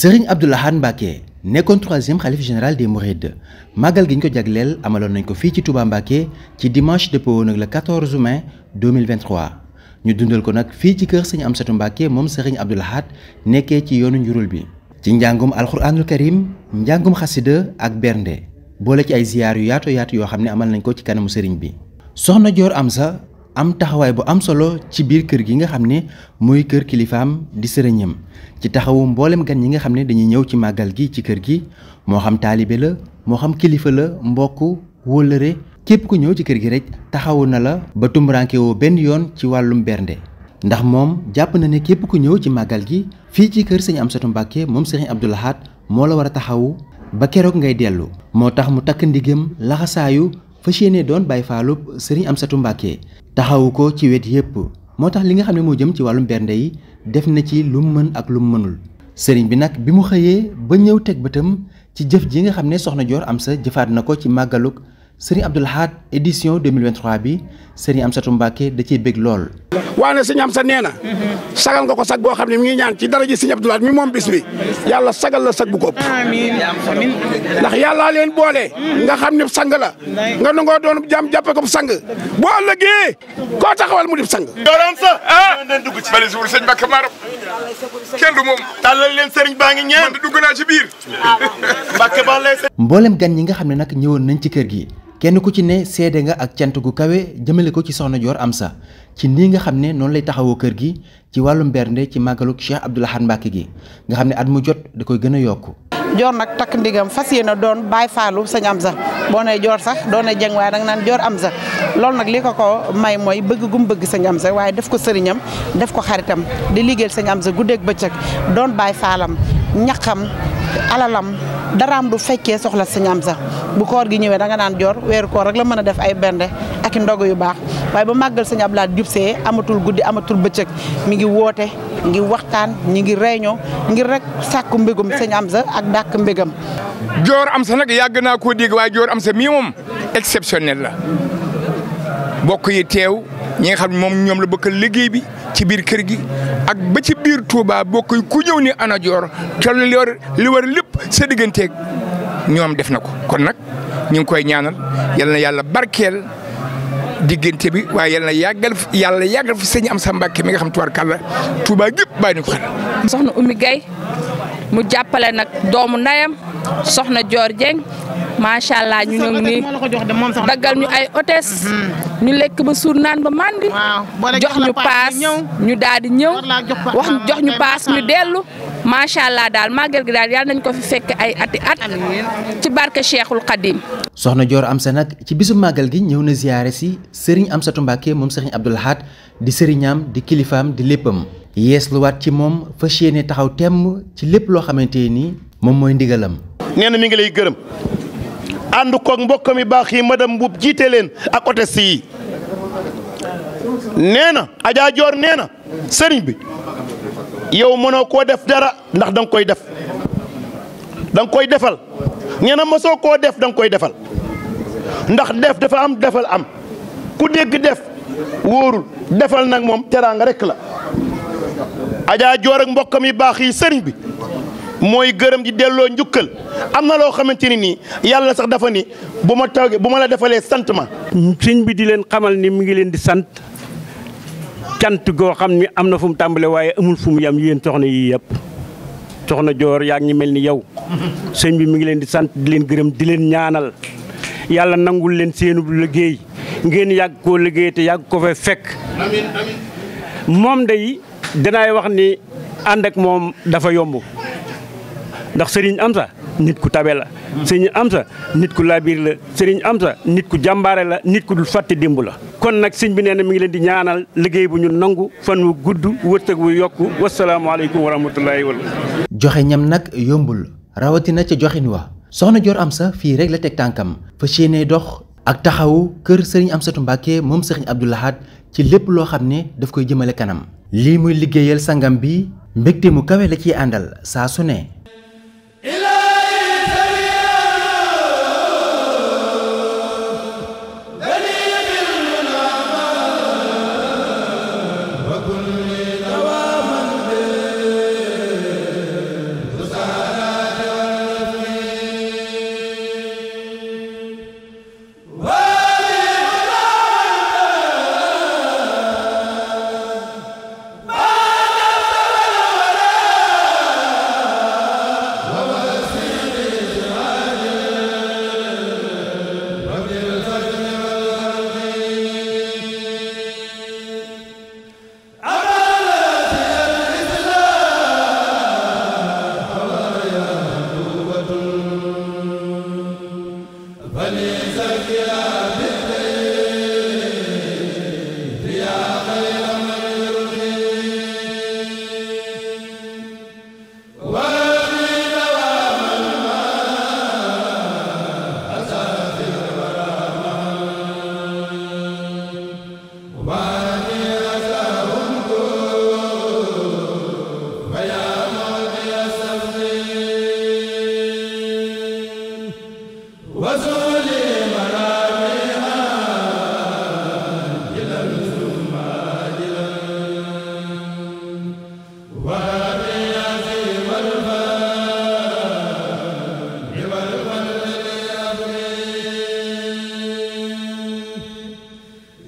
Serigne Abdou Lahad Mbacké nekkoon troisième xalif général des Mourides màggal gi ñu ko jagleel amaloon nañ ko fii ci Touba Mbacké ci dimanche dëppoo nag le 14 mai 2023 ñu dundal ko nag fii ci kër Serigne Amsatou Mbacké moom Serigne Abdou nekkee ci yoonu njurul bi ci njàngum alxuraanul karim njàngum xasida ak bernde boole ci ay ziyaar yu yaato yaatu yoo xam ne amal nañ ko ci kanamu sëriñ bi soxna Dior Amsa am taxawaay bu am solo ci biir kër gi nga xam ne mooy kër kilifaam di sëriñam ci taxawu mboolem gan ñi nga xam ne dañuy ñëw ci màggal gi ci kër gi moo xam taalibe la moo xam kilifa la mbokk wóllëre képp ku ñëw ci kër gi rek taxawu na la ba tumuraanke benn yoon ci wàllum bernde ndax moom jàpp na ne képp ku ñëw ci màggal gi fii ci kër sëñ satu Mbàkke moom sëriñ Abdou Lahad moo la war a taxawu ba keroog ngay dellu moo tax mu takk ndigam laxasaayu fas yéene doon bàyyi faalub sëriñ am Amsatu Mbàkke taxawu ko ci wet yépp moo tax li nga xam ne moo jëm ci wàllu bernde yi def na ci lu mu mën ak lu mu mënul sëriñ bi nag bi mu xëyee ba ñëw teg bëtam ci jëf ji nga xam ne soxna Joor sa jëfaat na ko ci màggalug sëriñ Abdoul Ahad édition bi sëriñ Amsatou Mbacké da cee bëgg lool. waaye nag sëriñ Amsa nee na. sagal nga ko sag boo xam ne mu ngi ñaan ci dara ji sëriñ Abdoul mi moom bis bi yàlla sagal la sag bu ko. amiin amiin ndax yàllaa leen boole. nga xam ne sang la. nga nangoo doon jàmm jàppe ko sang. boo ëllëgee koo taxawal mu dib sang. yoroon sa ah. bali suul sëñ Mbacké Maram kenn du moom. tàllal leen sëriñ baa ngi ñaan. man dugg naa ci biir. mboolem gan ñi nga xam ne nag ñëwoon nañ ci kër gi kenn ku ci ne seede nga ak cant gu kawe jëmale ko ci soxna am Amsa ci nii nga xam ne noonu lay taxawoo kër gi ci wàllum bernde ci màggalu Cheikh Abdoul Ahad Mbacké gi nga xam ne at mu jot da koy gën a yokku Dior nag takk ndigam fas yéene doon Baay Faalu sëñ Amsa boo nee Dior sax doo nee Dieng waaye da naan naan am Amsa loolu nag li ko ko may mooy bëgg gum bëgg sëñ am sa waaye def ko sëriñam def ko xaritam di liggéeyal sëñ Amsa guddeeg bëccëg doon Baay Faalam ñaxam alalam daraam du fekkee soxla sëñ Amsa bu koor gi ñëwee da nga naan joor weer koor rek la mën a def ay bernde ak i ndog yu baax waaye ba màggal sëñ Abdou Lahad jubsee amatul guddi amatul bëccëg mi ngi woote ngi waxtaan ñi ngi reño ngir rek sàkku mbégum sëñ Amsa ak dàkk mbégam. Joor sa nag yàgg naa koo dégg waaye Joor Amsa mii moom exceptionnel la bokk yi teew ñi nga xam ne moom ñoom la bëkkal liggéey bi ci biir kër gi ak ba ci biir Touba bokk yi ku ñëw ni ana joor te li war li lépp sa digganteeg ñoom def na ko kon nag ñu ngi koy ñaanal yal na yàlla barkeel. diggante bi waaye yal na yàggal yàlla yàggal fi sëñ am sa mbàkke mi nga xam tuwaar kàlla Touba gépp bàyyi ñu ko xel. soxna Oumy gay mu jàppale nag doomu ndayam soxna joor Dieng macha allah ñu ñëw nii daggal ñu ay hôtesse mm-hmm. ñu lekk ba suur naan ba màndi jox ñu paas ñu daal di ñëw wax jox ñu paas ñu dellu macha allah daal màggal gi daal yàlla nañ ko fi fekk ay ati at ci barke Cheikhul Khadim soxna Dior Amsa nag ci bisu màggal gi ñëw na ziyaare si Serigne Amsatou Mbacké moom Serigne Abdoul Ahad di sëriñam di kilifaam di léppam yees luwaat ci moom fas yéene taxaw temm ci lépp loo xamante ni moom mooy ndigalam nee mi ngi lay gërëm ànd koog mbokkam mi baax yi ma madame Mbuub jiite leen ak hôtesse yi nee na Adja Dior nee na sëriñ bi yow mënoo koo def dara ndax danga koy def danga koy defal nee na mosoo koo def danga koy defal ndax def dafa am defal am ku dégg def wóorul defal nag moom teraanga rekk la Adja Dior ak mbokkam baax yi sëriñ bi mooy gërëm di delloo njukkal. am na loo xamante ni nii yàlla sax dafa ni bu ma toogee bu ma la defalee sant ma. sëñ bi di leen xamal ni mu ngi leen di sant cant goo xam ni am na fu mu tàmbalee waaye amul fu mu yam yéen soxna yii yëpp soxna Joor yaa ngi mel ni yow sëñ bi mu ngi leen di sant di leen gërëm di leen ñaanal yàlla nangul leen seenu liggéey ngeen yàgg koo liggéey te yàgg ko fekk. moom day danaay wax ni ànd ak moom dafa yomb ndax sëriñ am sa nit ku tabe la sëriñ Amsa nit ku labir la sëriñ Amsa nit ku jàmbaare la nit ku dul fàtte démb la kon nag sëñ bi nee na mi ngi leen di ñaanal liggéey bu ñu nangu fan wu gudd wërsëg wu yokk wasalaamaaleykum wa rahmatullahi wala joxe ñam nag yombul rawatina ca joxin wa soxna Dior Amsa fii rek la teg tànkam fas yéene dox ak taxawu kër sëriñ Amsatou Mbacke moom sëriñ Abdou Lahad ci lépp loo xam ne daf koy jëmale kanam lii muy liggéeyal sangam bi mbégte mu kawe la ciy àndal saa su ne